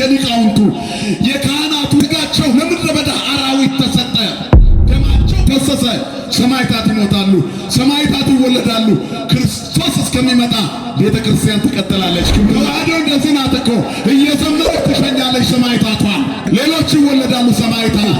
የሊቃውንቱ የካህናቱ ጋቸው ለምድረ በዳ አራዊት ተሰጠ፣ ደማቸው ፈሰሰ። ሰማዕታት ይሞታሉ፣ ሰማዕታት ይወለዳሉ። ክርስቶስ እስከሚመጣ ቤተ ክርስቲያን ትቀጥላለች። ተዋህዶ እንደዚህ ናት እኮ እየዘመረች ትሸኛለች ሰማዕታቷን። ሌሎች ይወለዳሉ ሰማዕታት።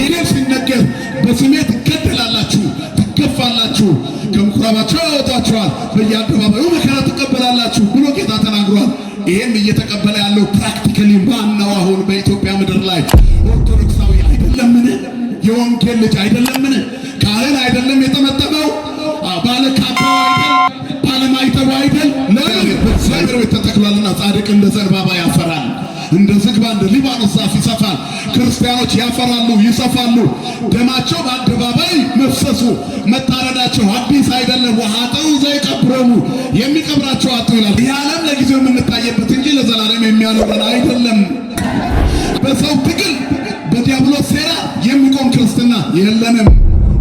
ይህን ሲነገር በስሜ ትገደላላችሁ፣ ትገፋላችሁ፣ ከምኩራባቸው ያወጣችኋል፣ በየአደባባዩ መከራ ትቀበላላችሁ ብሎ ጌታ ተናግሯል። ይህም እየተቀበለ ያለው ፕራክቲካሊ ዋናው አሁን በኢትዮጵያ ምድር ላይ ኦርቶዶክሳዊ አይደለምን? የወንጌል ልጅ አይደለምን? ካህን አይደለም የተመጠመው ባለ ካባው አይደል? አይደል? ለእግዚአብሔር ቤት ተተክሏልና ጻድቅ እንደ ዘንባባ ያፈራል፣ እንደ ዝግባ እንደ ሊባኖስ ዛፍ ይሰፋል። ክርስቲያኖች ያፈራሉ፣ ይሰፋሉ። ደማቸው በአደባባይ መፍሰሱ መታረዳቸው አዲስ አይደለም። ውሃጠው ዘይቀብረሙ የሚቀብራቸው አጡ ይላል። ይህ ዓለም ለጊዜው የምንታየበት እንጂ ለዘላለም የሚያኖረን አይደለም። በሰው ትግል፣ በዲያብሎስ ሴራ የሚቆም ክርስትና የለንም።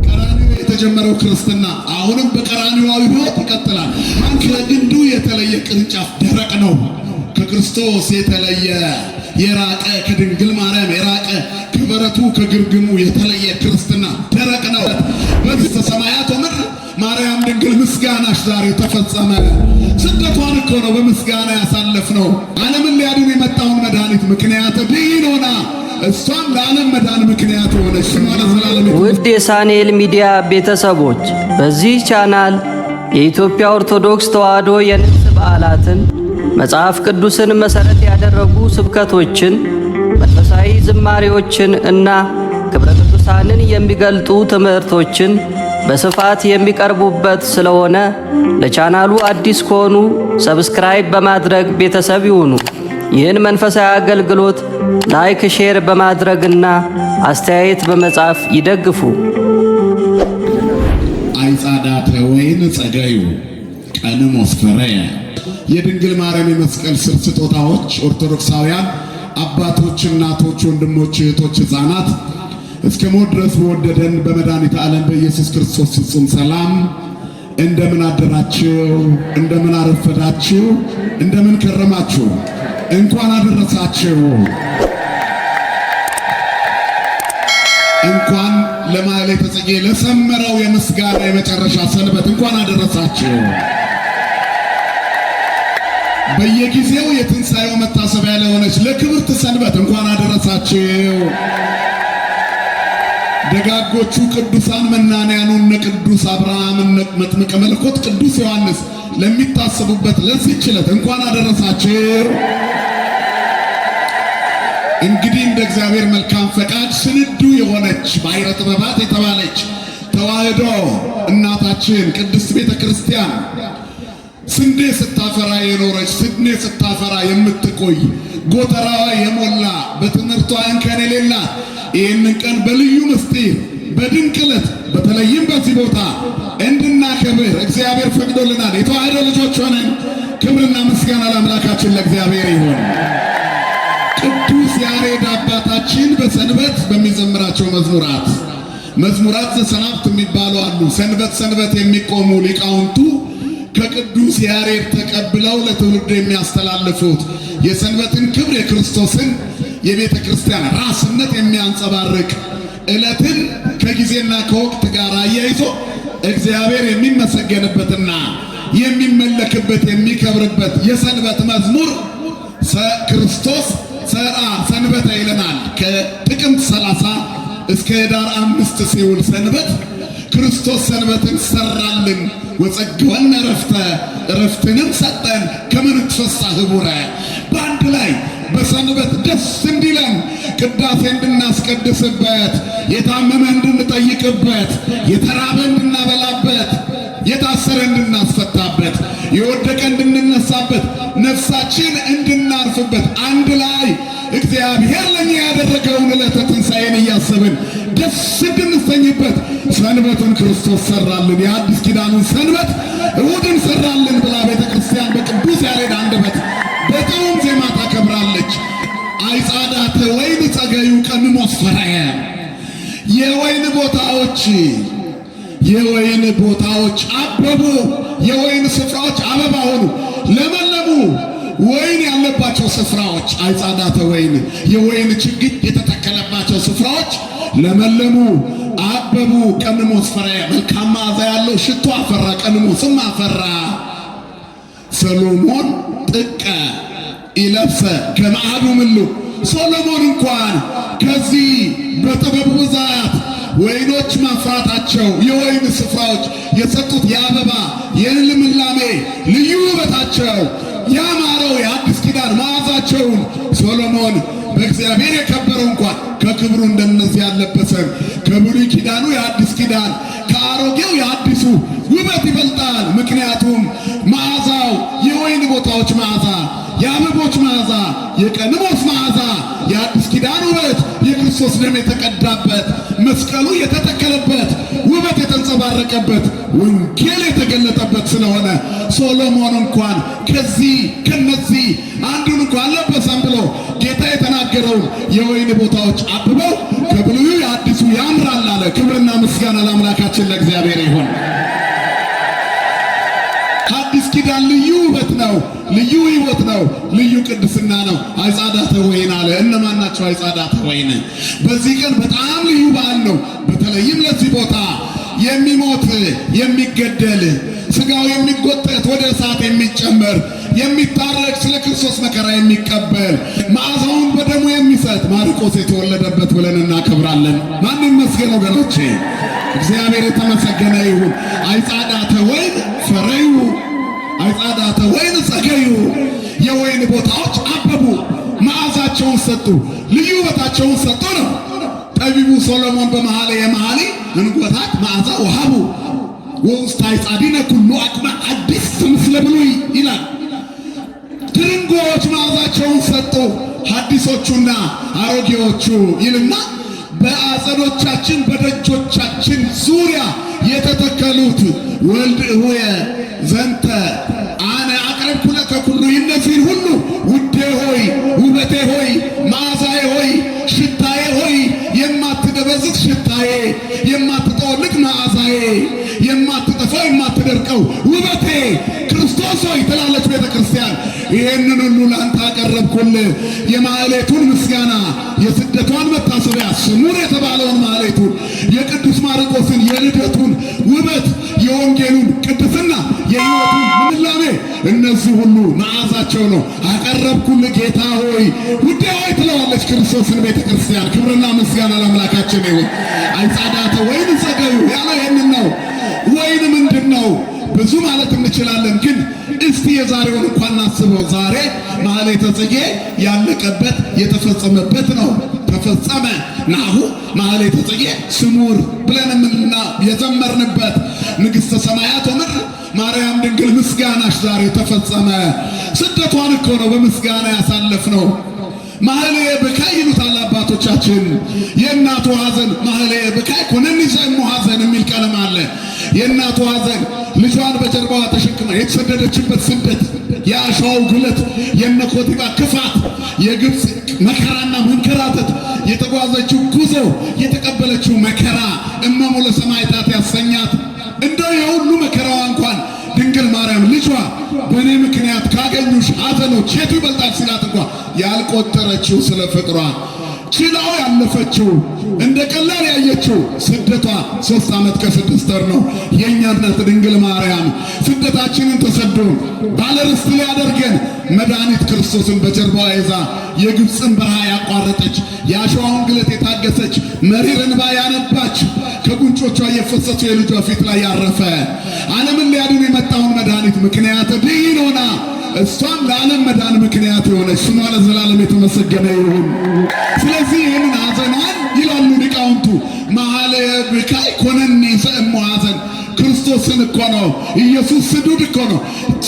ቀራንዮ የተጀመረው ክርስትና አሁንም በቀራኒዋዊ ህይወት ይቀጥላል። ማን ከግንዱ የተለየ ቅርንጫፍ ደረቅ ነው። ከክርስቶስ የተለየ የራቀ ከድንግል ማርያም የራቀ ከበረቱ ከግርግሙ የተለየ ክርስትና ደረቅ ነው። በዚህ ሰማያት ምድር ማርያም ድንግል ምስጋናሽ ዛሬ ተፈጸመ። ስደቷን እኮ ነው በምስጋና ያሳለፍነው። ዓለምን ሊያድን የመጣውን መድኃኒት ምክንያት ሆና እሷም ለዓለም መዳን ምክንያት ሆነች። ውድ የሳንኤል ሚዲያ ቤተሰቦች በዚህ ቻናል የኢትዮጵያ ኦርቶዶክስ ተዋሕዶ የንግስ በዓላትን መጽሐፍ ቅዱስን መሠረት ያደረጉ ስብከቶችን፣ መንፈሳዊ ዝማሬዎችን እና ክብረ ቅዱሳንን የሚገልጡ ትምህርቶችን በስፋት የሚቀርቡበት ስለሆነ ለቻናሉ አዲስ ከሆኑ ሰብስክራይብ በማድረግ ቤተሰብ ይሁኑ። ይህን መንፈሳዊ አገልግሎት ላይክ፣ ሼር በማድረግና አስተያየት በመጻፍ ይደግፉ። አይጻዳተ ወይን ጸገዩ ቀንም ወስፈረየ የድንግል ማርያም የመስቀል ስር ስጦታዎች ኦርቶዶክሳውያን አባቶች፣ እናቶች፣ ወንድሞች፣ እህቶች፣ ሕፃናት እስከ ሞት ድረስ በወደደን በመድኃኒተ ዓለም በኢየሱስ ክርስቶስ ፍጹም ሰላም እንደምን አደራችሁ? እንደምን አረፈዳችሁ? እንደምን ከረማችሁ? እንኳን አደረሳችሁ። እንኳን ለማሕሌተ ጽጌ ለሰመረው የምስጋና የመጨረሻ ሰንበት እንኳን አደረሳችሁ። በየጊዜው የትንሣኤው መታሰቢያ ለሆነች ለክብርት ሰንበት እንኳን አደረሳችሁ። ደጋጎቹ ቅዱሳን መናንያኑ እነ ቅዱስ አብርሃም እነ መጥምቀ መለኮት ቅዱስ ዮሐንስ ለሚታሰቡበት ለዚህች ዕለት እንኳን አደረሳችሁ። እንግዲህ እንደ እግዚአብሔር መልካም ፈቃድ ስንዱ የሆነች ባሕረ ጥበባት የተባለች ተዋህዶ እናታችን ቅድስት ቤተ ክርስቲያን ስንዴ ስታፈራ የኖረች ስድኔ ስታፈራ የምትቆይ ጎተራዋ የሞላ በትምህርቷ እንከን የሌላት ይህንን ቀን በልዩ ምስጢር በድንቅ በተለይም በዚህ ቦታ እንድናከብር እግዚአብሔር ፈቅዶልናል። የተዋህዶ ልጆች ሆነን ክብርና ምስጋና ለአምላካችን ለእግዚአብሔር ይሁን። ቅዱስ ያሬድ አባታችን በሰንበት በሚዘምራቸው መዝሙራት መዝሙራት ዘሰናብት የሚባሉ አሉ። ሰንበት ሰንበት የሚቆሙ ሊቃውንቱ ከቅዱስ ያሬድ ተቀብለው ለትውልድ የሚያስተላልፉት የሰንበትን ክብር የክርስቶስን የቤተ ክርስቲያን ራስነት የሚያንጸባርቅ ዕለትን ከጊዜና ከወቅት ጋር አያይዞ እግዚአብሔር የሚመሰገንበትና የሚመለክበት የሚከብርበት የሰንበት መዝሙር ክርስቶስ ሰራ ሰንበተ ይለናል። ከጥቅምት 30 እስከ ኅዳር አምስት ሲውል ሰንበት ክርስቶስ ሰንበትን ሰራልን ወጸግወን ረፍተ ረፍትንም ሰጠን ከመንፈሳ ህቡረ በአንድ ላይ በሰንበት ደስ እንዲለን ቅዳሴ እንድናስቀድስበት፣ የታመመ እንድንጠይቅበት፣ የተራበ እንድናበላበት፣ የታሰረ እንድናስፈታበት፣ የወደቀ እንድንነሳበት፣ ነፍሳችን እንድናርፍበት አንድ ላይ እግዚአብሔር ለእኛ ያደረገውን ዕለተ ትንሣኤን እያሰብን ደስ እንሰኝበት ሰንበትን ክርስቶስ ሰራልን። የአዲስ ኪዳንን ሰንበት እሑድን ሰራልን ብላ ቤተ ክርስቲያን በቅዱስ ያሬድ አንደበት በጣም ዜማ ታከብራለች። አይጻዳተ ወይን ጸገዩ ቀን ፈራየ የወይን ቦታዎች የወይን ቦታዎች አበቡ፣ የወይን ስፍራዎች አበባ ሆኑ፣ ለመለሙ ወይን የተተከለባቸው ስፍራዎች አይጻዳተ ወይን የወይን ችግኝ የተተከለባቸው ስፍራዎች ለመለሙ፣ አበቡ። ቀንሞስ ፍሬ መልካም መዓዛ ያለው ሽቶ አፈራ፣ ቀንሞስም አፈራ። ሰሎሞን ጥቀ ኢለብሰ ከመዓዱ ምሉ ሶሎሞን እንኳን ከዚህ በጥበቡ ብዛት ወይኖች ማፍራታቸው የወይን ስፍራዎች የሰጡት የአበባ የልምላሜ ልዩ ውበታቸው ያማረው የአዲስ ኪዳን መዓዛቸውን ሶሎሞን እግዚአብሔር የከበረው እንኳን ከክብሩ እንደነዚህ ያለበሰን ከብሉይ ኪዳኑ የአዲስ ኪዳን ከአሮጌው የአዲሱ ውበት ይበልጣል። ምክንያቱም መዓዛው የወይን ቦታዎች መዓዛ፣ የአበቦች መዓዛ፣ የቀንሞስ መዓዛ፣ የአዲስ ኪዳን ውበት የክርስቶስ ደም የተቀዳበት መስቀሉ የተተከለበት ውበት የተንጸባረቀበት ወንጌል የተገለጠበት ስለሆነ ሶሎሞን እንኳን ከዚህ ከነዚህ አንዱን እንኳን አለበሰም ብሎ ጌታ የተናገረውን የወይን ቦታዎች አብበው ከብሉዩ የአዲሱ ያምራል አለ። ክብርና ምስጋና ለአምላካችን ለእግዚአብሔር ይሁን። አዲስ ኪዳን ልዩ ውበት ነው፣ ልዩ ህይወት ነው፣ ልዩ ቅድስና ነው። አይጻዳተ ወይን አለ። እነማን ናቸው አዕጻዳተ ወይን? በዚህ ቀን በጣም ልዩ በዓል ነው። በተለይም ለዚህ ቦታ የሚሞት የሚገደል ስጋው የሚጎጠት ወደ እሳት የሚጨመር የሚታረቅ ስለ ክርስቶስ መከራ የሚቀበል መዓዛውን በደሙ የሚሰጥ ማርቆስ የተወለደበት ብለን እናከብራለን። ማን ይመስገን ወገኖቼ፣ እግዚአብሔር የተመሰገነ ይሁን። አይጻዳተ ወይን ፈረዩ አይጻዳተ ወይን ጸገዩ፣ የወይን ቦታዎች አበቡ፣ መዓዛቸውን ሰጡ፣ ልዩ ውበታቸውን ሰጡ ነው። ጠቢቡ ሶሎሞን በመኃልየ መኃልይ እንጎታት መዓዛ ውሃቡ ወውስተ አይጻዲነ ኩሉ አቅመ አዲስ ምስለ ብሉይ ይላል። ትርንጎዎች መዓዛቸውን ሰጡ ሐዲሶቹና አሮጌዎቹ ይልና በአጸዶቻችን በደጆቻችን ዙሪያ የተተከሉት ወልድ እሁየ ዘንተ አነ አቅረብኩ ለከ ኩሉ እነዚህን ሁሉ ውዴ ሆይ ውበቴ ሆይ መዓዛዬ ሆይ ሽታዬ ሆይ የማትደበዝዝ ሽታዬ የማትጠወልቅ መዓዛዬ የማትጠፋው የማትደርቀው ውበቴ ክርስቶስ ሆይ ትላለች ቤተ ክርስቲያን። ይህንን ሁሉ ለአንተ አቀረብኩል የማዕሌቱን ምስጋና፣ የስደቷን መታሰቢያ፣ ስሙር የተባለውን ማዕሌቱን፣ የቅዱስ ማርቆስን የልደቱን ውበት፣ የወንጌሉን ቅድስና፣ የሕይወቱን ልምላሜ፣ እነዚህ ሁሉ መዓዛቸው ነው። አቀረብኩልህ ጌታ ሆይ ውዴ ሆይ ትለዋለች ክርስቶስን ቤተ ክርስቲያን። ክብርና ምስጋና ለአምላካችን ይሁን። አይጻዳተ ወይን ጸገዩ ያለው ይህንን ነው። ወይን ምንድን ነው? ብዙ ማለት እንችላለን፣ ግን እስቲ የዛሬውን እንኳን እናስበው። ዛሬ ማህሌተ ጽጌ ያለቀበት የተፈጸመበት ነው። ተፈጸመ ናሁ ማህሌተ ጽጌ ስሙር ብለን የምንና የዘመርንበት ንግሥተ ሰማያት ምድር ማርያም ድንግል ምስጋናሽ ዛሬ ተፈጸመ። ስደቷን እኮ ነው በምስጋና ያሳለፍ ነው። ማህልየ ብካይ ይሉታል አባቶቻችን። የእናቱ ሐዘን ማህልየ ብካይ ኮነኒሰሙ ሐዘን የሚል ቀለም አለ። የእናቱ ሐዘን ልጇን በጀርባዋ ተሸክማ የተሰደደችበት ስደት፣ የአሸዋው ጉለት፣ የነኮቲባ ክፋት፣ የግብፅ መከራና መንከራተት፣ የተጓዘችው ጉዞ፣ የተቀበለችው መከራ እመሙ ለሰማዕታት ያሰኛት እንደው የሁሉ መከራዋ እንኳን ድንግል ማርያም ልጇ በእኔ ምክንያት ካገኙሽ ሐዘኖች የቱ ይበልጣል ሲላት እንኳ ያልቆጠረችው ስለ ፍቅሯ ችላው ያለፈችው እንደ ቀላል ያየችው ስደቷ ሶስት ዓመት ከስድስት ወር ነው። የእኛ እናት ድንግል ማርያም ስደታችንን ተሰዶ ባለርስት ሊያደርገን መድኃኒት ክርስቶስን በጀርባዋ ይዛ የግብፅን በረሃ ያቋረጠች፣ የአሸዋውን ግለት የታገሰች፣ መሪርን ያነባች ከጉንጮቿ እየፈሰሱ የልጇ ፊት ላይ ያረፈ ዓለምን ሊያድን የመጣውን መድኃኒት ምክንያት ድይን ሆና እሷም ለዓለም መዳን ምክንያት የሆነች ስሟ ለዘላለም የተመሰገነ ይሁን። ስለዚህ ይህንን ሐዘኗን ይላሉ ሊቃውንቱ መሐለ ብካይ ኮነኒ ዘእሞ ሐዘን ክርስቶስን እኮ ነው። ኢየሱስ ስዱድ እኮ ነው።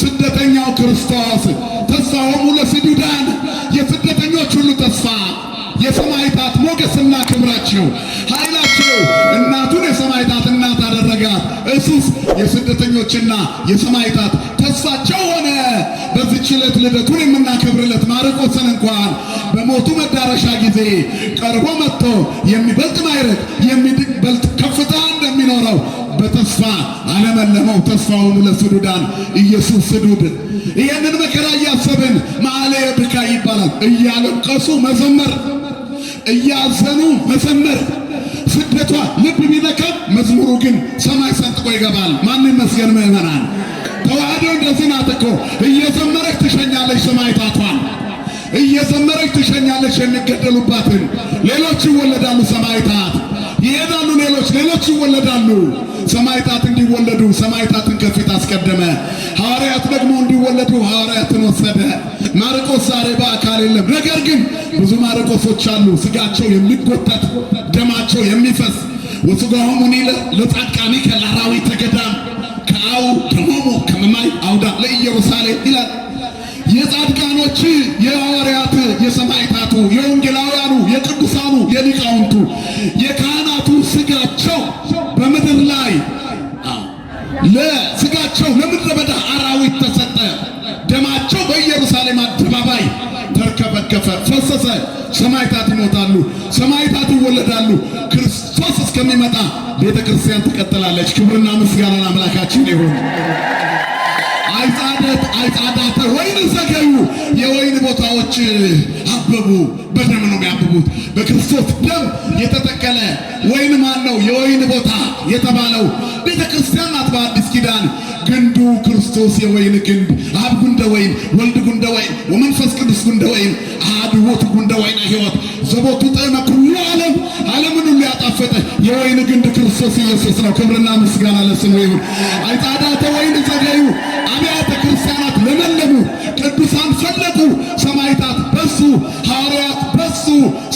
ስደተኛው ክርስቶስ ተስፋሆሙ ለስዱዳን የስደተኞች ሁሉ ተስፋ የሰማዕታት ሞገስና ክብራቸው እናቱን የሰማይታት እናት አደረጋት። እሱስ የስደተኞችና የሰማይታት ተስፋቸው ሆነ። በዚች ዕለት ልደቱን የምናከብርለት ማርቆስን እንኳን በሞቱ መዳረሻ ጊዜ ቀርቦ መጥቶ የሚበልጥ ማዕረግ የሚበልጥ ከፍታ እንደሚኖረው በተስፋ አለመለመው። ተስፋውን ለስዱዳን ኢየሱስ ስዱድ ይህንን መከራ እያሰብን ማዕሌየ ብካይ ይባላል። እያለቀሱ መዘመር፣ እያዘኑ መዘመር ስደቷ ልብ ቢነካም መዝሙሩ ግን ሰማይ ሰንጥቆ ይገባል። ማን ይመስገን ምዕመናን። ተዋህዶ እንደዚህ ናት እኮ እየዘመረች ትሸኛለች ሰማዕታቷን፣ እየዘመረች ትሸኛለች የሚገደሉባትን። ሌሎች ይወለዳሉ ሰማዕታት ይሄዳሉ ሌሎች ሌሎች ይወለዳሉ። ሰማይታት እንዲወለዱ ሰማይታትን ከፊት አስቀደመ። ሐዋርያት ደግሞ እንዲወለዱ ሐዋርያትን ወሰደ። ማርቆስ ዛሬ በአካል የለም። ነገር ግን ብዙ ማርቆሶች አሉ። ስጋቸው የሚጎተት ደማቸው የሚፈስ ወስጋሆሙ ለጻድቃኒ ከላራዊ ተገዳም ከአው ደሞሙ ከመማይ አውዳ ለኢየሩሳሌም ይላል። የጻድቃኖች የሐዋርያት የሰማይታቱ የወንጌላውያኑ የቅዱሳኑ የሊቃውንቱ ለስጋቸው ለምድረ በዳ አራዊት ተሰጠ። ደማቸው በኢየሩሳሌም አደባባይ ተርከፈከፈ፣ ፈሰሰ። ሰማይታት ይሞታሉ፣ ሰማይታት ይወለዳሉ። ክርስቶስ እስከሚመጣ ቤተ ክርስቲያን ትቀጥላለች። ክብርና ምስጋና አምላካችን ይሁን። ማለት አጻዳፈ ወይን ዘገዩ፣ የወይን ቦታዎች አበቡ። በደም ነው የሚያብቡት። በክርስቶስ ደም የተጠቀለ ወይን ማን ነው? የወይን ቦታ የተባለው ቤተ ክርስቲያን ናት። በአዲስ ኪዳን ግንዱ ክርስቶስ የወይን ግንድ፣ አብ ጉንደ ወይን፣ ወልድ ጉንደ ወይን፣ ወመንፈስ ቅዱስ ጉንደ ወይን፣ አሐዱ ጉንደ ወይነ ሕይወት ዘቦቱ ጥዕመ ኩሉ ዓለም ዓለምን ሁሉ ያጣፈጠ የወይን ግንድ ክርስቶስ ኢየሱስ ነው። ክብርና ምስጋና ለስሙ ይሁን። አጻዳተ ወይን ዘገዩ አብያተ ሰማዕታት መመለሉ፣ ቅዱሳን ፈለቁ፣ ሰማዕታት በዙ፣ ሐዋርያት በዙ፣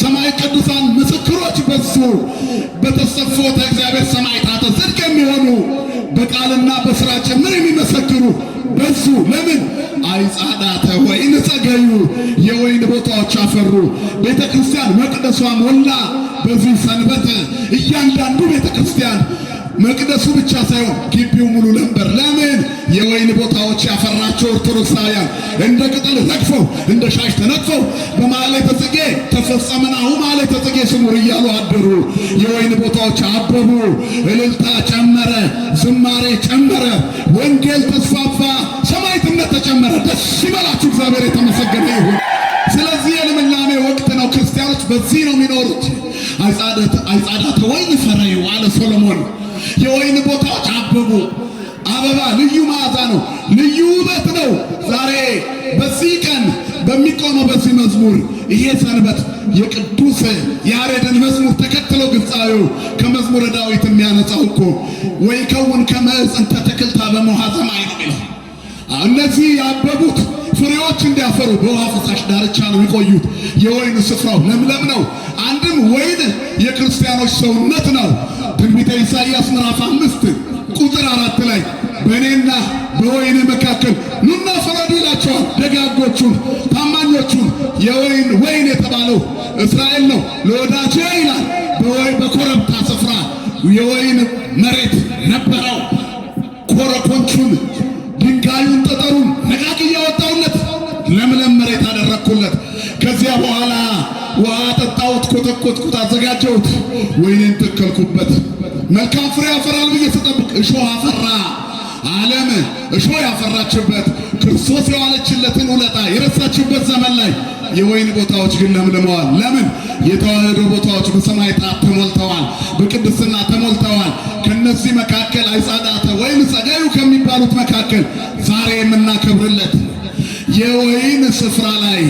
ሰማይ ቅዱሳን ምስክሮች በዙ። በተሰፎተ እግዚአብሔር ሰማዕታተ ጽድቅ የሚሆኑ በቃልና በስራ ጭምር የሚመሰክሩ በዙ። ለምን አይጻዳተ ወይን ጸገዩ፣ የወይን ቦታዎች አፈሩ፣ ቤተ ክርስቲያን መቅደሷ ሞላ። በዚህ ሰንበት እያንዳንዱ ቤተ ክርስቲያን መቅደሱ ብቻ ሳይሆን ግቢው ሙሉ ነበር። ለምን የወይን ቦታዎች ያፈራቸው ኦርቶዶክሳውያን እንደ ቅጠል ተቅፈው እንደ ሻሽ ተነቅፈው በማሕሌተ ጽጌ ተፈጸመን አሁን ማሕሌተ ጽጌ ስሙር እያሉ አደሩ። የወይን ቦታዎች አበቡ፣ እልልታ ጨመረ፣ ዝማሬ ጨመረ፣ ወንጌል ተስፋፋ፣ ሰማዕትነት ተጨመረ። ደስ ይበላችሁ፣ እግዚአብሔር የተመሰገነ ይሁን። ስለዚህ የልምላሜ ወቅት ነው። ክርስቲያኖች በዚህ ነው የሚኖሩት። አይጻዳተ ወይን ፈረዩ አለ ሶሎሞን። የወይን ቦታዎች አበቡ አበባ ልዩ መዓዛ ነው፣ ልዩ ውበት ነው። ዛሬ በዚህ ቀን በሚቆመው በዚህ መዝሙር ይሄ ሰንበት የቅዱስ ያሬድን መዝሙር ተከትሎ ግብፃዊው ከመዝሙረ ዳዊት የሚያነጻው እኮ ወይ ከውን ከመዕፅ እንተ ተክልታ በመውሃ ሰማይ ነው። እነዚህ ያበቡት ፍሬዎች እንዲያፈሩ በውሃ ፈሳሽ ዳርቻ ነው የሚቆዩት። የወይን ስፍራው ለምለም ነው። አንድም ወይን የክርስቲያኖች ሰውነት ነው። ትንቢተ ኢሳይያስ ምዕራፍ አምስት ቁጥር አራት ላይ በእኔና በወይን መካከል ኑና ፍረዱ ይላቸዋል። ደጋጎቹን ታማኞቹን የወይን ወይን የተባለው እስራኤል ነው። ለወዳጅ ይላል በወይ በኮረብታ ስፍራ የወይን መሬት ነበረው ኮረኮንቹን ድንጋዩን ጠጠሩን ነቃቅ እያወጣውለት ለምለም መሬት አደረግኩለት። ከዚያ በኋላ ውሃ ጠጣሁት፣ ኮተኮትኩት፣ አዘጋጀሁት፣ ወይኔን ተከልኩበት። መልካም ፍሬ ያፈራል ብዬ ስጠብቅ እሾህ አፈራ። ዓለም እሾህ ያፈራችበት ክርስቶስ የዋለችለትን ውለታ የረሳችበት ዘመን ላይ የወይን ቦታዎች ግን ለምልመዋል። ለምን? የተዋህዶ ቦታዎች በሰማዕታት ተሞልተዋል፣ በቅድስና ተሞልተዋል። ከነዚህ መካከል አይጻዳተ ወይን ጸዳዩ ከሚባሉት መካከል ዛሬ የምናከብርለት የወይን ስፍራ ላይ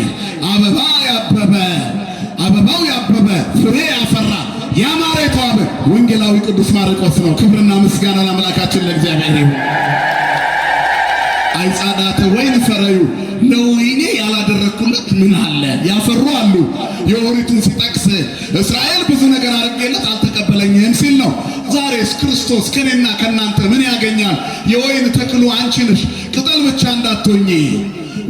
አበባ ያበበ አበባው ያበበ ፍሬ ያፈራ ያማረ የተዋበ ወንጌላዊ ቅዱስ ማርቆስ ነው። ክብርና ምስጋና ለአምላካችን ለእግዚአብሔር ይሁን። አይጻዳተ ወይን ፈረዩ ለወይኔ ያላደረግኩለት ምን አለ? ያፈሩ አሉ። የኦሪቱን ሲጠቅስ እስራኤል ብዙ ነገር አድርጌለት አልተቀበለኝም ሲል ነው። ዛሬስ ክርስቶስ ከኔና ከእናንተ ምን ያገኛል? የወይን ተክሉ አንቺ ነሽ፣ ቅጠል ብቻ እንዳትሆኚ።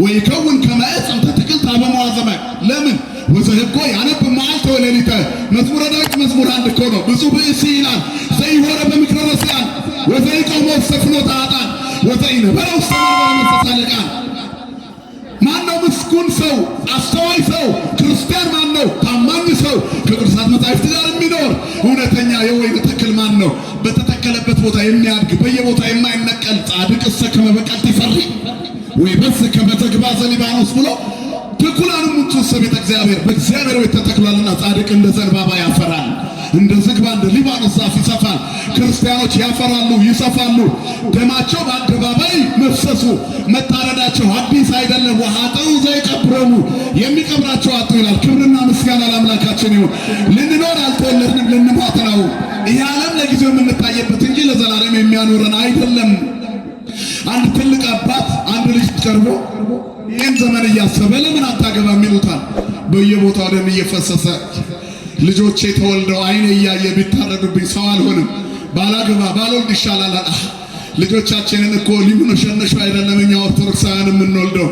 ወይከውን ከመ ዕፅ እንተትክል በመዋዘመ ለምን ወዘህኮ ያነብ መዓልተ ወሌሊተ መዝሙረ ዳዊት መዝሙር አንድ እኮ ነው። ብፁዕ ብእሲ ይላል ዘኢሖረ በምክረ ረሲዓን ወዘኢቆሞ ሰፍኖ ጣጣን ወተይነ በረውስተ መንበረ መንፈስ አለቃ ማነው? ምስጉን ሰው አስተዋይ ሰው ክርስቲያን ማነው? ታማኝ ሰው ከቅዱሳት መጻሕፍት ጋር የሚኖር እውነተኛ የወይን ተክል በተተከለበት ቦታ የሚያድግ በየቦታ የማይነቀል ጻድቅ እሰ ከመ ይፈሪ ሊባኖስ ብሎ ተኩላንም ሙንቱሰ ቤተ እግዚአብሔር በእግዚአብሔር ቤት ተተክሏልና ጻድቅ እንደ ዘንባባ ያፈራል፣ እንደ ዝግባ እንደ ሊባኖስ ዛፍ ይሰፋል። ክርስቲያኖች ያፈራሉ፣ ይሰፋሉ። ደማቸው በአደባባይ መፍሰሱ መታረዳቸው አዲስ አይደለም። ውሃጠው ዘይቀብሮሙ የሚቀብራቸው አጡ ይላል። ክብርና ምስጋና ለአምላካችን ይሁን። ልንኖር አልተወለድንም፣ ልንሞት ነው። ይህ ዓለም ለጊዜው የምንታየበት እንጂ ለዘላለም የሚያኖረን አይደለም። አንድ ትልቅ አባት አንድ ልጅ ቀርቦ ይህን ዘመን እያሰበ ለምን አታገባም ይሉታል። በየቦታው ደም እየፈሰሰ ልጆቼ ተወልደው አይኔ እያየ ቢታረዱብኝ ሰው አልሆንም። ባላገባ ባልወልድ ይሻላል። ልጆቻችንን እኮ ሊምኖሸነሹ አይደለም። እኛ ኦርቶዶክሳውያን የምንወልደው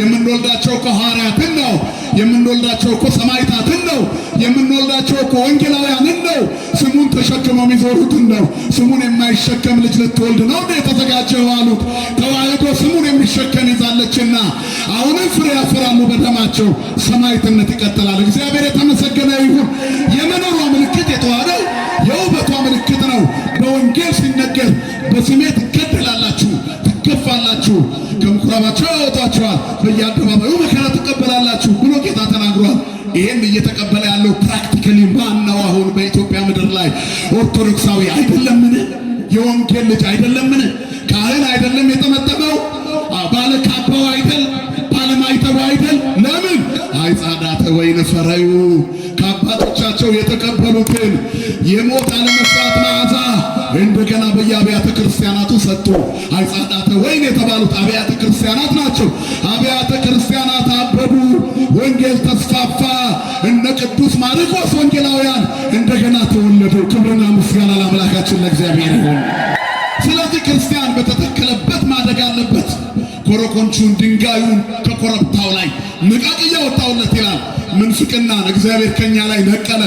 የምንወልዳቸው እኮ ሐዋርያትን ነው። የምንወልዳቸው እኮ ሰማዕታትን ነው። የምንወልዳቸው እኮ ወንጌላውያንን ነው። ስሙን ተሸክመው የሚዞሩትን ነው። ስሙን የማይሸከም ልጅ ልትወልድ ነው እንደ የተዘጋጀው አሉት። ተዋሕዶ ስሙን የሚሸከም ይዛለችና አሁንም ፍሬ ያፈራሉ በደማቸው። ሰማይትነት ይቀጥላል። እግዚአብሔር የተመሰገነ ይሁን። የመኖሯ ምልክት የተዋሕዶ የውበቷ ምልክት ወንጌል ሲነገር በስሜ ትገደላላችሁ፣ ትገፋላችሁ፣ ከምኩራባቸው ያወጣችኋል፣ በየአደባባዩ መከራ ትቀበላላችሁ ብሎ ጌታ ተናግሯል። ይህም እየተቀበለ ያለው ፕራክቲካሊ ማን አሁን በኢትዮጵያ ምድር ላይ ኦርቶዶክሳዊ አይደለምን? የወንጌል ልጅ አይደለምን? ካህን አይደለም የተመጠመው? ባለ ካባው አይደል? ባለማይተቡ አይደል? ለምን አይጻዳተ ወይን ፈረዩ ከአባቶቻቸው የተቀበሉትን የሞት አለመስራት መዓዛ እንደገና በየአብያተ ክርስቲያናቱ ሰጡ። አዕጻዳተ ወይን የተባሉት አብያተ ክርስቲያናት ናቸው። አብያተ ክርስቲያናት አበቡ፣ ወንጌል ተስፋፋ። እነ ቅዱስ ማርቆስ ወንጌላውያን እንደገና ተወለዱ። ክብርና ምስጋና ለአምላካችን ለእግዚአብሔር ይሁን። ስለዚህ ክርስቲያን በተተከለበት ማደግ አለበት። ኮረኮንቹን ድንጋዩን ከኮረብታው ላይ ንቃቅያ ወጣውለት ይላል። ምንፍቅናን እግዚአብሔር ከኛ ላይ ነቀለ።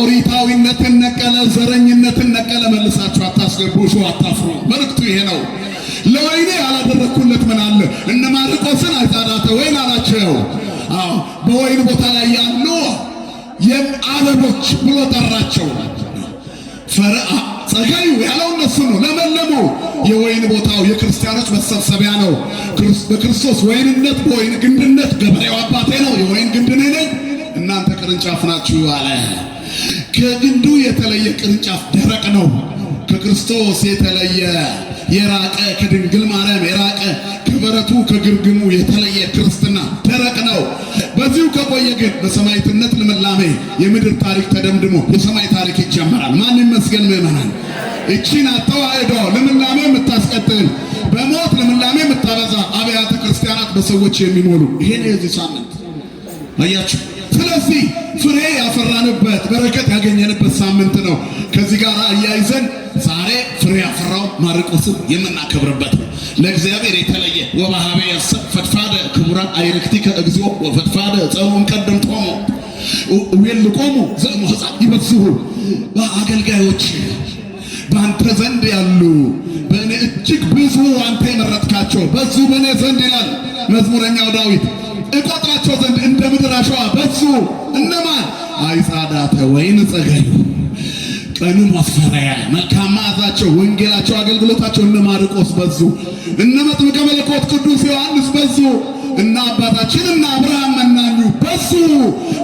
ኦሪታዊነትን ነቀለ። ዘረኝነትን ነቀለ። መልሳችሁ አታስገቡሹ፣ አታፍሩ። መልእክቱ ይሄ ነው። ለወይኔ ያላደረግኩለት ምን አለ? እነ ማርቆስን አይጣራተ ወይን አላቸው። በወይን ቦታ ላይ ያሉ የአበቦች ብሎ ጠራቸው። ፈርአ ጸገዩ ያለው እነሱ ነው። ለመለሙ የወይን ቦታው የክርስቲያኖች መሰብሰቢያ ነው። በክርስቶስ ወይንነት በወይን ግንድነት ገበሬው አባቴ ነው፣ የወይን ግንድ ነኝ፣ እናንተ ቅርንጫፍ ናችሁ አለ። ከግንዱ የተለየ ቅርንጫፍ ደረቅ ነው። ከክርስቶስ የተለየ የራቀ ከድንግል ማርያም የራቀ ከበረቱ ከግርግሙ የተለየ ክርስትና ደረቅ ነው። በዚሁ ከቆየ ግን በሰማይትነት ልምላሜ የምድር ታሪክ ተደምድሞ የሰማይ ታሪክ ይጀመራል። ማን ይመስገን ምእመናን? እቺን አተዋህዶ ልምላሜ የምታስቀጥል በሞት ልምላሜ የምታበዛ አብያተ ክርስቲያናት በሰዎች የሚሞሉ ይሄን የዚህ ሳምንት አያችሁ። ስለዚህ ፍሬ ያፈራንበት በረከት ያገኘንበት ሳምንት ነው። ከዚህ ጋር አያይዘን ዛሬ ፍሬ ያፈራው ማርቆስን የምናከብርበት ነው። ለእግዚአብሔር የተለየ ወባሃቤ ያሰብ ፈትፋደ ክቡራን አይረክቲከ እግዚኦ ወፈትፋደ ጸሩን ቀደም ጦሞ ውል ቆሙ ዘእሙ ሕፃን ይበዝሁ በአገልጋዮች በአንተ ዘንድ ያሉ በእኔ እጅግ ብዙ አንተ የመረጥካቸው በዙ በእኔ ዘንድ ይላል መዝሙረኛው ዳዊት እቆጥራቸው ዘንድ እንደ ምድር አሸዋ በዙ። እነማን አይጻዳተ ወይን ጸገዩ ቀኑ ማስፈሪያ መልካም መዓዛቸው፣ ወንጌላቸው፣ አገልግሎታቸው እነ ማርቆስ በዙ። እነ መጥምቀ መለኮት ቅዱስ ዮሐንስ በዙ። እነ አባታችን እና አብርሃም መናኙ በዙ።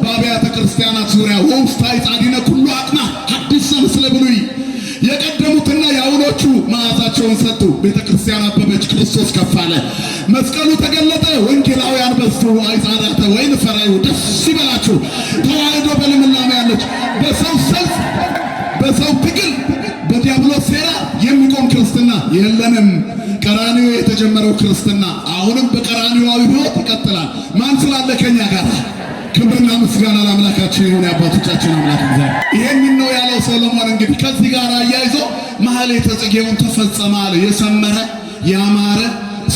በአብያተ ክርስቲያናት ዙሪያ ወውስተ አይጻዲነ ኩሉ አቅና ሐዲሰ ምስለ ብሉይ የቀደሙትና የአሁኖቹ መዓዛቸውን ሰጡ። ቤተ ክርስቲያን አበበች፣ ክርስቶስ ከፍ አለ፣ መስቀሉ ተገለጠ፣ ወንጌላውያን በዙ፣ አይጻራተ ወይን ፈራዩ ደስ ይበላችሁ። ተዋህዶ በልምላሜ ያለች በሰው ሰልፍ፣ በሰው ትግል፣ በዲያብሎስ ሴራ የሚቆም ክርስትና የለንም። ቀራኒዮ የተጀመረው ክርስትና አሁንም በቀራኒዮዊ ሕይወት ይቀጥላል። ማን ስላለ ከኛ ጋር ክብርና ምስጋና ለአምላካችን የሆነ አባቶቻችን አምላክ እግዚአብሔር ይህንን ነው ያለው ሰሎሞን እንግዲህ ከዚህ ጋር አያይዞ ማኅሌተ ጽጌውን ተፈጸመ አለ። የሰመረ ያማረ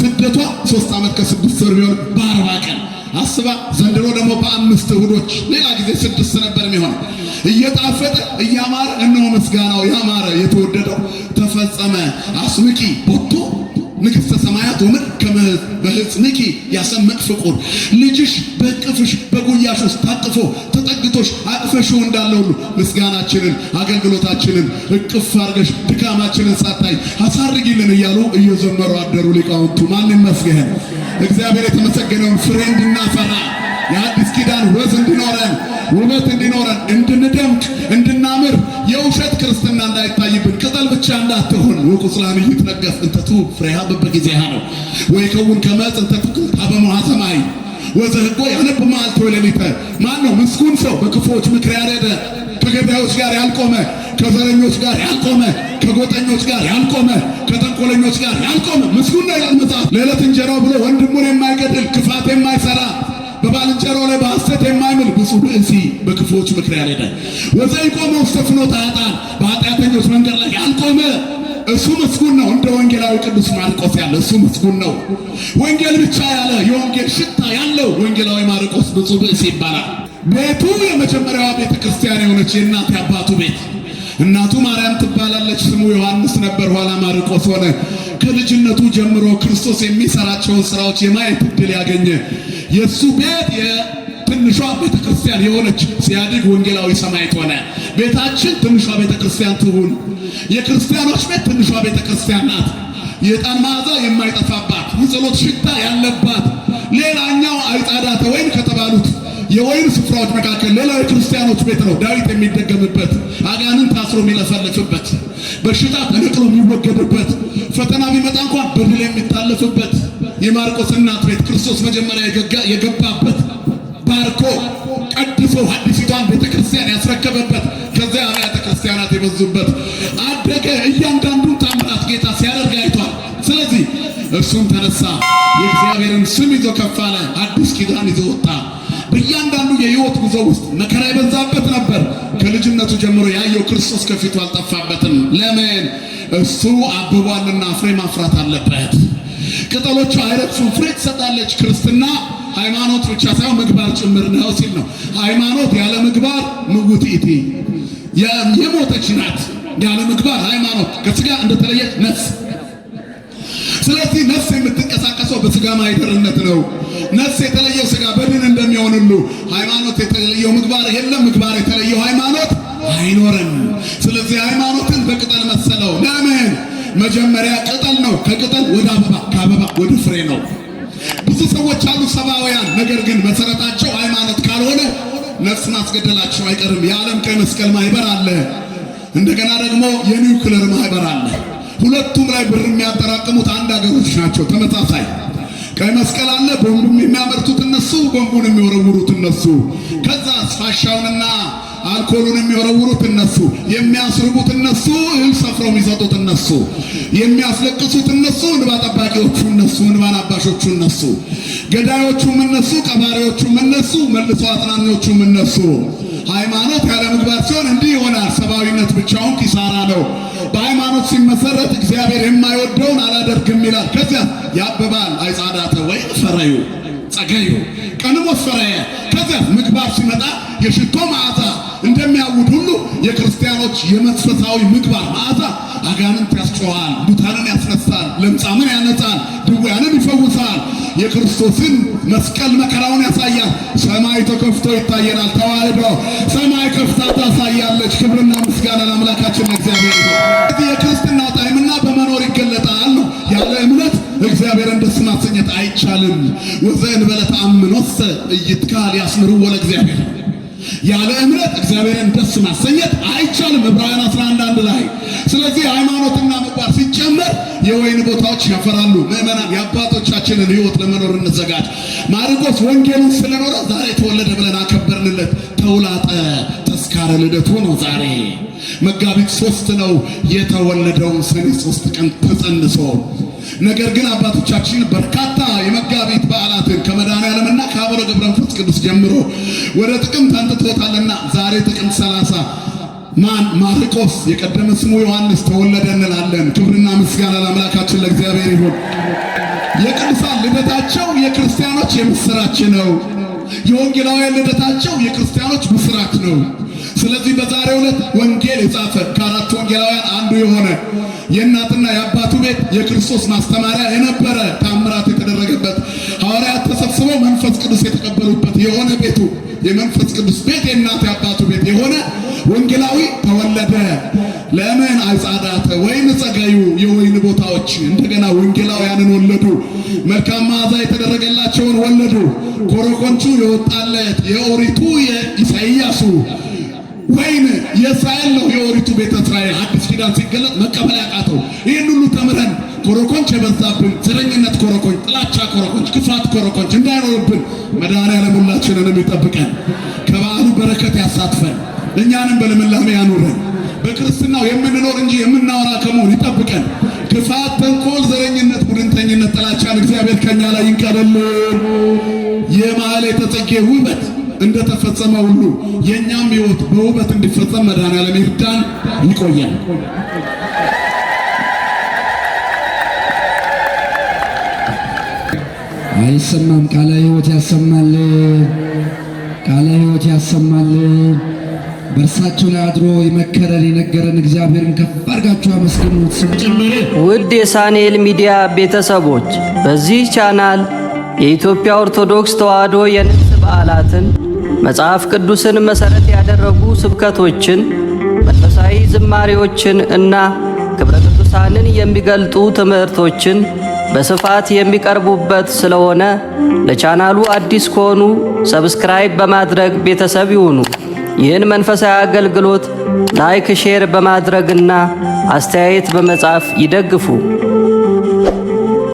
ስደቷ ሶስት ዓመት ከስድስት ወር ቢሆን በአርባ ቀን አስባ ዘንድሮ ደግሞ በአምስት እሑዶች ሌላ ጊዜ ስድስት ነበር የሚሆነው። እየጣፈጠ እያማረ እነሆ ምስጋናው ያማረ የተወደደው ተፈጸመ። አስውቂ ቦቶ ንግሥተ ሰማያት ወምድር በሕፅንኪ ያሰምቅ ፍቁር ልጅሽ በቅፍሽ በጉያሽ ውስጥ ታቅፎ ተጠግቶሽ አቅፈሽው እንዳለ ሁሉ ምስጋናችንን አገልግሎታችንን እቅፍ አድርገሽ ድካማችንን ሳታይ አሳርጊልን እያሉ እየዘመሩ አደሩ ሊቃውንቱ። ማን ይመስገን እግዚአብሔር የተመሰገነውን ፍሬ እንድናፈራ የአዲስ ኪዳን ወዝ እንዲኖረን ውበት እንዲኖረን እንድንደምቅ እንድናምር የውሸት ክርስትና እንዳይታይብን ቅጠል ብቻ እንዳትሆን ውቁጽላሚ ይትነገስ እንተቱ ፍሬሃ በበጊዜሃ ነው ወይ ከውን ከመጽ እንተትክል ታበመሃ ሰማይ ወዘህጎ ያነብ መዓልተ ወሌሊተ ማን ነው ምስጉን ሰው በክፉዎች ምክር ያልሄደ ከገዳዮች ጋር ያልቆመ ከዘረኞች ጋር ያልቆመ ከጎጠኞች ጋር ያልቆመ ከተንኮለኞች ጋር ያልቆመ ምስጉን ነው ይላል ለዕለት እንጀራው ብሎ ወንድሙን የማይገድል ክፋት የማይሰራ በባልንጀራው ላይ በሐሰት የማይምል ብፁዕ ብእሲ በክፉዎች ምክር ያልሄደ ወዘኢቆመ ውስተ ፍኖተ ኃጥአን በኃጢአተኞች መንገድ ላይ ያልቆመ እሱ ምስጉን ነው። እንደ ወንጌላዊ ቅዱስ ማርቆስ ያለ እሱ ምስጉን ነው። ወንጌል ብቻ ያለ የወንጌል ሽታ ያለው ወንጌላዊ ማርቆስ ብፁዕ ብእሲ ይባላል። ቤቱ የመጀመሪያዋ ቤተ ክርስቲያን የሆነች የእናት አባቱ ቤት እናቱ ማርያም ትባላለች። ስሙ ዮሐንስ ነበር፣ ኋላ ማርቆስ ሆነ። ከልጅነቱ ጀምሮ ክርስቶስ የሚሰራቸውን ስራዎች የማየት እድል ያገኘ የእሱ ቤት የትንሿ ቤተክርስቲያን የሆነች ሲያድግ ወንጌላዊ ሰማዕት ሆነ። ቤታችን ትንሿ ቤተክርስቲያን ትሁን። የክርስቲያኖች ቤት ትንሿ ቤተክርስቲያን ናት። የጣን መዓዛ የማይጠፋባት የጸሎት ሽታ ያለባት ሌላኛው አይጣዳተ ወይም ከተባሉት የወይን ስፍራዎች መካከል ሌላው የክርስቲያኖች ቤት ነው። ዳዊት የሚደገምበት፣ አጋንን ታስሮ የሚለፈልፍበት፣ በሽታ ተነቅሎ የሚወገድበት፣ ፈተና ቢመጣ እንኳን በድል የሚታለፍበት የማርቆስ እናት ቤት ክርስቶስ መጀመሪያ የገባበት ባርኮ ቀድሶ ሐዲሲቷን ቤተክርስቲያን ያስረከበበት ከዚያ አብያተ ክርስቲያናት የበዙበት አደገ። እያንዳንዱን ታምራት ጌታ ሲያደርግ አይቷል። ስለዚህ እርሱም ተነሳ፣ የእግዚአብሔርን ስም ይዞ ከፍ አለ፣ አዲስ ኪዳን ይዞ ወጣ። በእያንዳንዱ የህይወት ጉዞ ውስጥ መከራ የበዛበት ነበር። ከልጅነቱ ጀምሮ ያየው ክርስቶስ ከፊቱ አልጠፋበትም። ለምን? እሱ አብቧልና ፍሬ ማፍራት አለበት። ቅጠሎቹ አይረግፉም፣ ፍሬ ትሰጣለች። ክርስትና ሃይማኖት ብቻ ሳይሆን ምግባር ጭምር ነው ሲል ነው። ሃይማኖት ያለ ምግባር ምውት ኢቲ የሞተች ናት። ያለ ምግባር ሃይማኖት ከስጋ እንደተለየች ነፍስ ስለዚህ ነፍስ የምትንቀሳቀሰው በስጋ ማኅደርነት ነው። ነፍስ የተለየው ስጋ በድን እንደሚሆን ሁሉ ሃይማኖት የተለየው ምግባር የለም፣ ምግባር የተለየው ሃይማኖት አይኖርም። ስለዚህ ሃይማኖትን በቅጠል መሰለው። ለምን? መጀመሪያ ቅጠል ነው፣ ከቅጠል ወደ አበባ፣ ከአበባ ወደ ፍሬ ነው። ብዙ ሰዎች አሉ ሰብአውያን፣ ነገር ግን መሰረታቸው ሃይማኖት ካልሆነ ነፍስ ማስገደላቸው አይቀርም። የዓለም ቀይ መስቀል ማህበር አለ። እንደገና ደግሞ የኒውክለር ማህበር አለ። ሁለቱም ላይ ብር የሚያጠራቅሙት አንድ ሀገሮች ናቸው። ተመሳሳይ ቀይ መስቀል አለ። ቦምቡም የሚያመርቱት እነሱ፣ ቦምቡን የሚወረውሩት እነሱ። ከዛ ፋሻውንና አልኮሉን የሚወረውሩት እነሱ፣ የሚያስርቡት እነሱ፣ እህል ሰፍረው የሚሰጡት እነሱ፣ የሚያስለቅሱት እነሱ፣ እንባ ጠባቂዎቹ እነሱ፣ እንባ ናባሾቹ እነሱ፣ ገዳዮቹም እነሱ፣ ቀባሪዎቹም እነሱ፣ መልሶ አጽናኞቹም እነሱ። ሃይማኖት ያለ ምግባር ሲሆን እንዲህ ይሆናል። ሰብአዊነት ብቻውን ኪሳራ ነው። በሃይማኖት ሲመሰረት እግዚአብሔር የማይወደውን አላደርግም ይላል። ከዚያ ያበባል። አይጻዳተ ወይም ፈረዩ ጸገዩ ቀንቦት ፈረየ። ከዚያ ምግባር ሲመጣ የሽቶ መዓዛ እንደሚያውድ ሁሉ የክርስቲያኖች የመንፈሳዊ ምግባር መዓዛ አጋንንት ያስጮሃል፣ ሙታንን ያስነሳል፣ ለምጻምን ያነጻል፣ ድውያንን ይፈውሳል። የክርስቶስን መስቀል መከራውን ያሳያል። ሰማይ ተከፍቶ ይታየናል። ተዋህዶ ሰማይ ከፍታ ታሳያለች። ክብርና ምስጋና ለአምላካችን እግዚአብሔር። የክርስትና ጣዕምና በመኖር ይገለጣል ነው ያለ እምነት እግዚአብሔርን ደስ ማሰኘት አይቻልም። ወዘእንበለ ተአምኖሰ ያስምሩ ወለ እግዚአብሔር ያለ እምነት እግዚአብሔርን ደስ ማሰኘት አይቻልም፣ ዕብራውያን 11 ላይ። ስለዚህ ሃይማኖትና ምግባር ሲጨመር የወይን ቦታዎች ያፈራሉ። ምዕመናን የአባቶቻችንን ህይወት ለመኖር እንዘጋጅ። ማርቆስ ወንጌልን ስለኖረ ዛሬ ተወለደ ብለን አከበርንለት። ተውላጠ የስካረ ልደቱ ነው። ዛሬ መጋቢት ሶስት ነው የተወለደውን ሰኔ ሶስት ቀን ተጸንሶ ነገር ግን አባቶቻችን በርካታ የመጋቢት በዓላትን ከመድኃኔዓለምና ከአቡነ ገብረ መንፈስ ቅዱስ ጀምሮ ወደ ጥቅምት አንጥቶታልና ዛሬ ጥቅምት ሰላሳ ማን ማርቆስ የቀደመ ስሙ ዮሐንስ ተወለደ እንላለን። ክብርና ምስጋና ለአምላካችን ለእግዚአብሔር ይሁን። የቅዱሳን ልደታቸው የክርስቲያኖች የምስራች ነው። የወንጌላውያን ልደታቸው የክርስቲያኖች ምስራች ነው። ስለዚህ በዛሬው ዕለት ወንጌል የጻፈ ከአራት ወንጌላውያን አንዱ የሆነ የእናትና የአባቱ ቤት የክርስቶስ ማስተማሪያ የነበረ ታምራት የተደረገበት ሐዋርያት ተሰብስበው መንፈስ ቅዱስ የተቀበሉበት የሆነ ቤቱ የመንፈስ ቅዱስ ቤት የእናት የአባቱ ቤት የሆነ ወንጌላዊ ተወለደ። ለምን አይጻዳተ ወይም ጸጋዩ የወይን ቦታዎች እንደገና ወንጌላውያንን ወለዱ። መልካም መዓዛ የተደረገላቸውን ወለዱ። ኮረኮንቹ የወጣለት የኦሪቱ የኢሳይያሱ ወይን የእስራኤል ነው የኦሪቱ ቤተ እስራኤል አዲስ ኪዳን ሲገለጥ መቀበል ያቃተው ይህን ሁሉ ተምረን ኮረኮንች የበዛብን ዘረኝነት ኮረኮንች፣ ጥላቻ ኮረኮንች፣ ክፋት ኮረኮንች እንዳይኖርብን መድኃኒዓለም ሁላችንንም ይጠብቀን። ከበዓሉ በረከት ያሳትፈን፣ እኛንም በልምላሜ ያኑረን። በክርስትናው የምንኖር እንጂ የምናወራ ከመሆን ይጠብቀን። ክፋት፣ ተንኮል፣ ዘረኝነት፣ ቡድንተኝነት፣ ጥላቻን እግዚአብሔር ከኛ ላይ ይንቀደልን። የማህሌተ ጽጌ ውበት እንደተፈጸመ ሁሉ የእኛም ሕይወት በውበት እንዲፈጸም መድኃኔዓለም ይርዳን። ይቆያል። አይሰማም። ቃለ ሕይወት ያሰማል። ቃለ ሕይወት ያሰማል። በእርሳቸው ላይ አድሮ የመከረን የነገረን እግዚአብሔርን ከፍ አድርጋችሁ አመስግኑት። ውድ የሳንኤል ሚዲያ ቤተሰቦች በዚህ ቻናል የኢትዮጵያ ኦርቶዶክስ ተዋሕዶ የንስ በዓላትን መጽሐፍ ቅዱስን መሠረት ያደረጉ ስብከቶችን፣ መንፈሳዊ ዝማሬዎችን እና ክብረ ቅዱሳንን የሚገልጡ ትምህርቶችን በስፋት የሚቀርቡበት ስለሆነ ለቻናሉ አዲስ ከሆኑ ሰብስክራይብ በማድረግ ቤተሰብ ይሁኑ። ይህን መንፈሳዊ አገልግሎት ላይክ፣ ሼር በማድረግና አስተያየት በመጻፍ ይደግፉ።